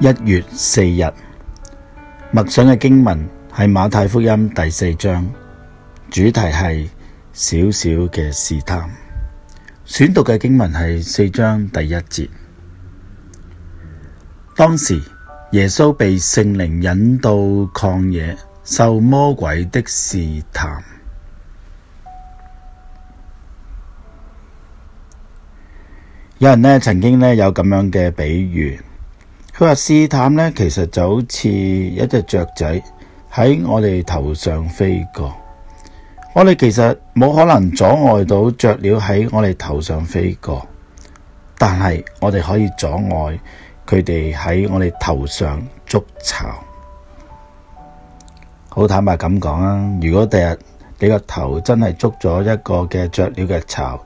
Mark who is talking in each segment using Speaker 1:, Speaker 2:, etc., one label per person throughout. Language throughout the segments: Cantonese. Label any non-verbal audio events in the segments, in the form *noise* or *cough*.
Speaker 1: 一月四日，默想嘅經文係馬太福音第四章，主題係小小嘅試探。選讀嘅經文係四章第一節。當時耶穌被聖靈引到曠野。受魔鬼的試探，有人咧曾經咧有咁樣嘅比喻，佢話，試探咧其實就好似一隻雀仔喺我哋頭上飛過，我哋其實冇可能阻礙到雀鳥喺我哋頭上飛過，但係我哋可以阻礙佢哋喺我哋頭上築巢。好坦白咁講啦，如果第日你個頭真係捉咗一個嘅雀鳥嘅巢，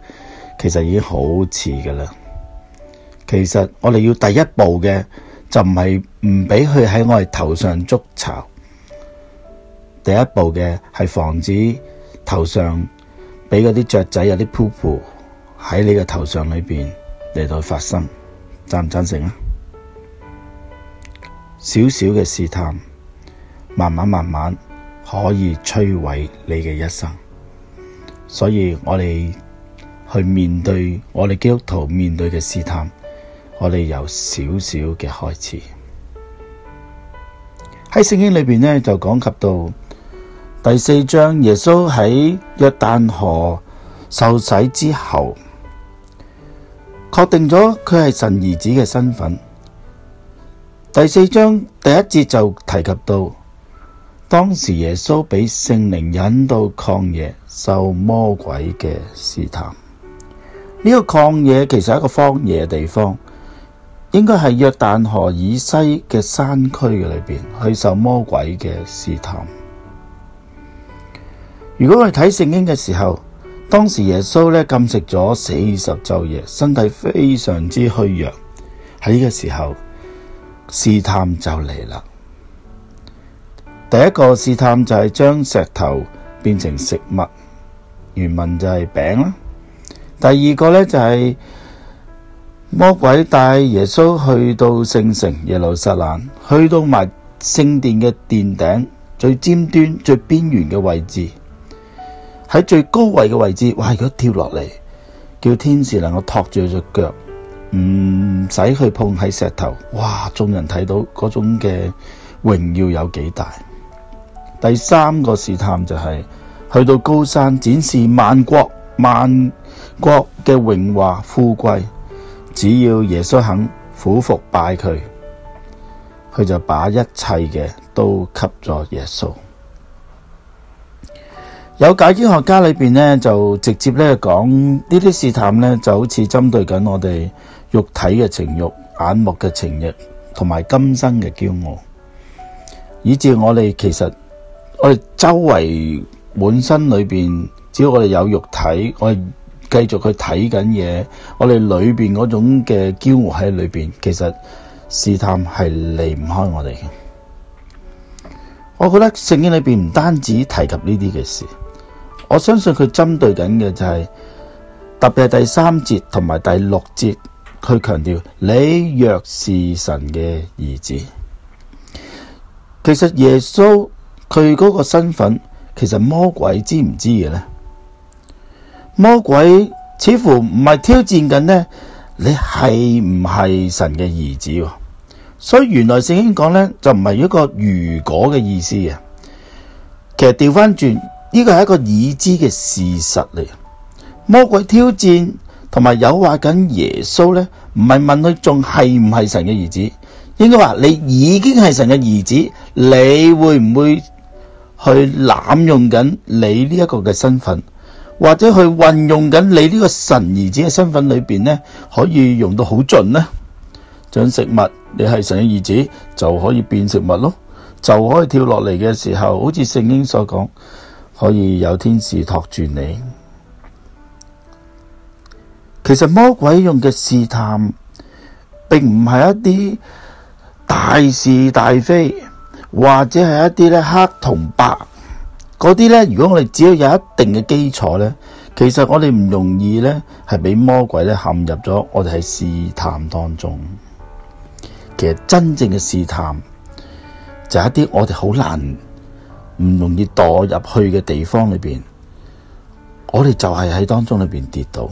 Speaker 1: 其實已經好遲噶啦。其實我哋要第一步嘅就唔係唔俾佢喺我哋頭上捉巢，第一步嘅係防止頭上俾嗰啲雀仔有啲噗噗喺你嘅頭上裏邊嚟到發生，贊唔贊成啊？少少嘅試探。慢慢慢慢可以摧毀你嘅一生，所以我哋去面對我哋基督徒面對嘅試探，我哋由少少嘅開始喺 *noise* 聖經裏面咧，就講及到第四章，耶穌喺約旦河受洗之後，確定咗佢係神兒子嘅身份。第四章第一節就提及到。當時耶穌俾聖靈引到曠野受魔鬼嘅試探，呢、這個曠野其實係一個荒野地方，應該係約旦河以西嘅山區嘅裏邊去受魔鬼嘅試探。如果我哋睇聖經嘅時候，當時耶穌咧禁食咗四十晝夜，身體非常之虛弱，喺呢個時候試探就嚟啦。第一個試探就係將石頭變成食物，原文就係餅啦。第二個呢，就係魔鬼帶耶穌去到聖城耶路撒冷，去到埋聖殿嘅殿頂最尖端、最邊緣嘅位置，喺最高位嘅位置，哇！如果跳落嚟，叫天使能夠托住佢隻腳，唔使去碰喺石頭。哇！眾人睇到嗰種嘅榮耀有幾大。第三個試探就係、是、去到高山展示萬國萬國嘅榮華富貴，只要耶穌肯俯伏拜佢，佢就把一切嘅都給咗耶穌。有解經學家裏邊呢，就直接咧講呢啲試探呢，就好似針對緊我哋肉體嘅情慾、眼目嘅情慾，同埋今生嘅驕傲，以至我哋其實。我哋周圍本身裏邊，只要我哋有肉體，我哋繼續去睇緊嘢，我哋裏邊嗰種嘅驕傲喺裏邊，其實試探係離唔開我哋嘅。我覺得聖經裏邊唔單止提及呢啲嘅事，我相信佢針對緊嘅就係、是、特別係第三節同埋第六節，佢強調你若是神嘅兒子，其實耶穌。佢嗰個身份其實魔鬼知唔知嘅呢？魔鬼似乎唔係挑戰緊呢，你係唔係神嘅兒子？所以原來聖經講呢，就唔係一個如果嘅意思嘅。其實調翻轉呢個係一個已知嘅事實嚟。魔鬼挑戰同埋誘惑緊耶穌呢，唔係問佢仲係唔係神嘅兒子，應該話你已經係神嘅兒子，你會唔會？去濫用緊你呢一個嘅身份，或者去運用緊你呢個神兒子嘅身份裏邊呢，可以用到好盡呢。像食物，你係神嘅兒子就可以變食物咯，就可以跳落嚟嘅時候，好似聖經所講，可以有天使托住你。其實魔鬼用嘅試探，並唔係一啲大是大非。或者係一啲咧，黑同白嗰啲咧，如果我哋只要有一定嘅基礎咧，其實我哋唔容易咧，係俾魔鬼咧陷入咗我哋喺試探當中。其實真正嘅試探就係一啲我哋好難唔容易墮入去嘅地方裏邊，我哋就係喺當中裏邊跌到。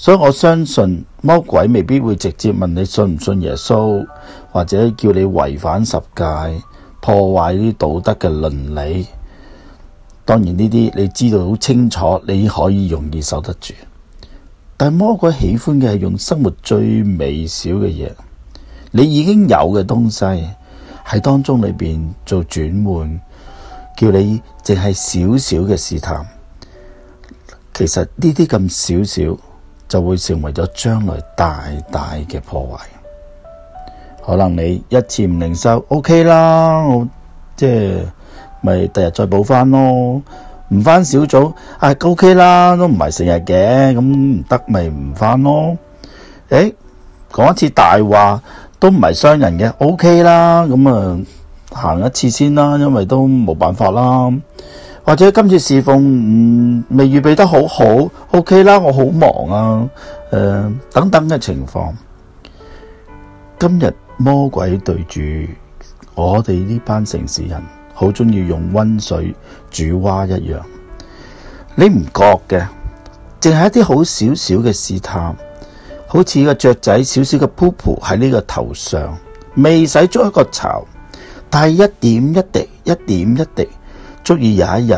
Speaker 1: 所以我相信魔鬼未必會直接問你信唔信耶穌，或者叫你違反十誡，破壞啲道德嘅倫理。當然呢啲你知道好清楚，你可以容易守得住。但魔鬼喜歡嘅係用生活最微小嘅嘢，你已經有嘅東西喺當中裏邊做轉換，叫你淨係少少嘅試探。其實呢啲咁少少。就會成為咗將來大大嘅破壞。可能你一次唔靈修，O K 啦，我即係咪第日再補翻咯？唔翻小組啊，O K 啦，都唔係成日嘅，咁唔得咪唔翻咯。誒、欸，講一次大話都唔係傷人嘅，O K 啦，咁啊行一次先啦，因為都冇辦法啦。或者今次侍奉、嗯、未預備得好好，OK 啦，我好忙啊，誒、呃、等等嘅情況。今日魔鬼對住我哋呢班城市人，好中意用溫水煮蛙一樣。你唔覺嘅，淨係一啲好少少嘅試探，好似個雀仔少少嘅噗噗喺呢個頭上，未使捉一個巢，但係一點一滴，一點一滴，足以有一日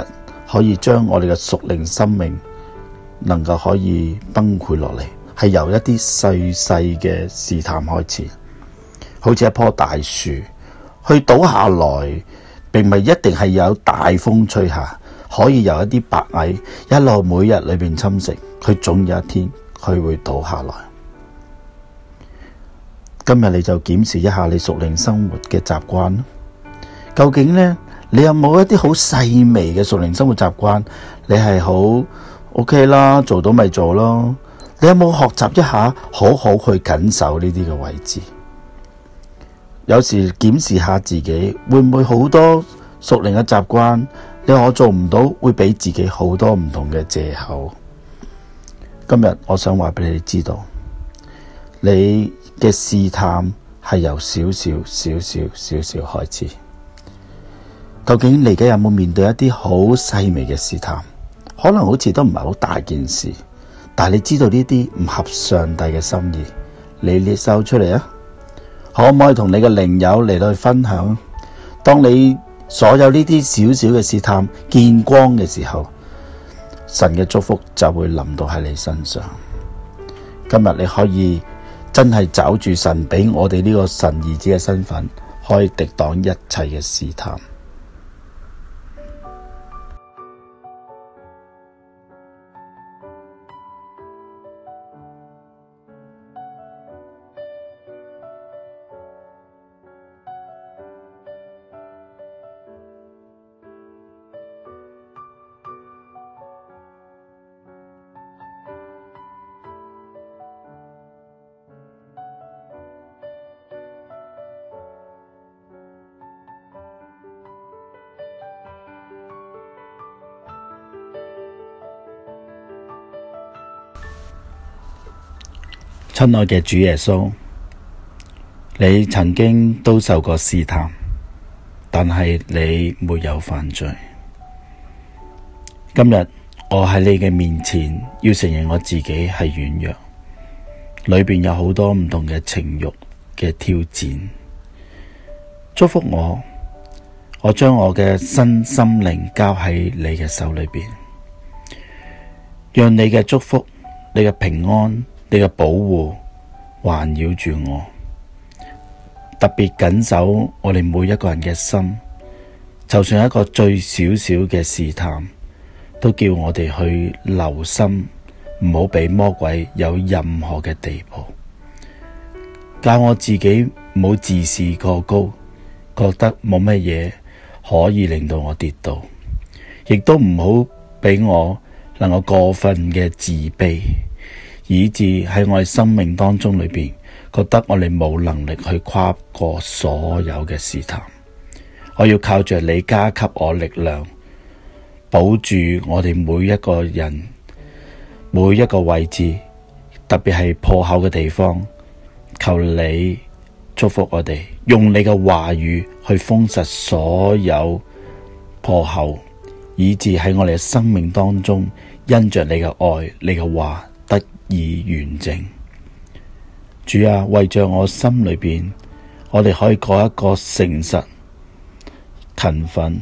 Speaker 1: 可以將我哋嘅屬靈生命能夠可以崩潰落嚟，係由一啲細細嘅試探開始，好似一棵大樹去倒下來，並唔係一定係有大風吹下，可以由一啲白蟻一路每日裏邊侵蝕，佢總有一天佢會倒下來。今日你就檢視一下你屬靈生活嘅習慣，究竟呢？你有冇一啲好細微嘅熟齡生活習慣？你係好 OK 啦，做到咪做咯。你有冇學習一下好好去緊守呢啲嘅位置？有時檢視下自己，會唔會好多熟齡嘅習慣？你話我做唔到，會俾自己好多唔同嘅借口。今日我想話俾你哋知道，你嘅試探係由少少、少少、少少開始。究竟你而家有冇面對一啲好細微嘅試探？可能好似都唔係好大件事，但係你知道呢啲唔合上帝嘅心意，你列收出嚟啊？可唔可以同你嘅靈友嚟到去分享？當你所有呢啲小小嘅試探見光嘅時候，神嘅祝福就會臨到喺你身上。今日你可以真係找住神，俾我哋呢個神兒子嘅身份，可以抵擋一切嘅試探。親愛嘅主耶穌，你曾經都受過試探，但係你沒有犯罪。今日我喺你嘅面前，要承認我自己係軟弱，裏邊有好多唔同嘅情欲嘅挑戰。祝福我，我將我嘅新心靈交喺你嘅手裏邊，讓你嘅祝福、你嘅平安，你嘅保護環繞住我，特別緊守我哋每一個人嘅心， *noise* 就算一個最少少嘅試探，都叫我哋去留心，唔好俾魔鬼有任何嘅地步。教我自己唔好自視過高，覺得冇乜嘢可以令到我跌倒，亦都唔好俾我能夠過分嘅自卑。以至喺我哋生命當中裏邊，覺得我哋冇能力去跨過所有嘅試探。我要靠着你加給我力量，保住我哋每一個人每一個位置，特別係破口嘅地方。求你祝福我哋，用你嘅話語去封實所有破口，以致喺我哋嘅生命當中，因着你嘅愛，你嘅話。而完整，主啊，為着我心裏邊，我哋可以過一個誠實、勤奮、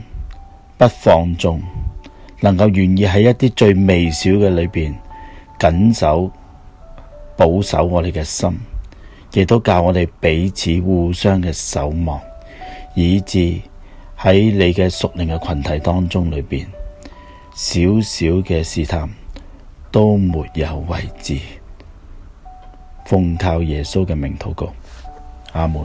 Speaker 1: 不放縱，能夠願意喺一啲最微小嘅裏邊緊守、保守我哋嘅心，亦都教我哋彼此互相嘅守望，以致喺你嘅屬靈嘅群體當中裏邊，小小嘅試探。都沒有位置，奉靠耶穌嘅名禱告，阿門。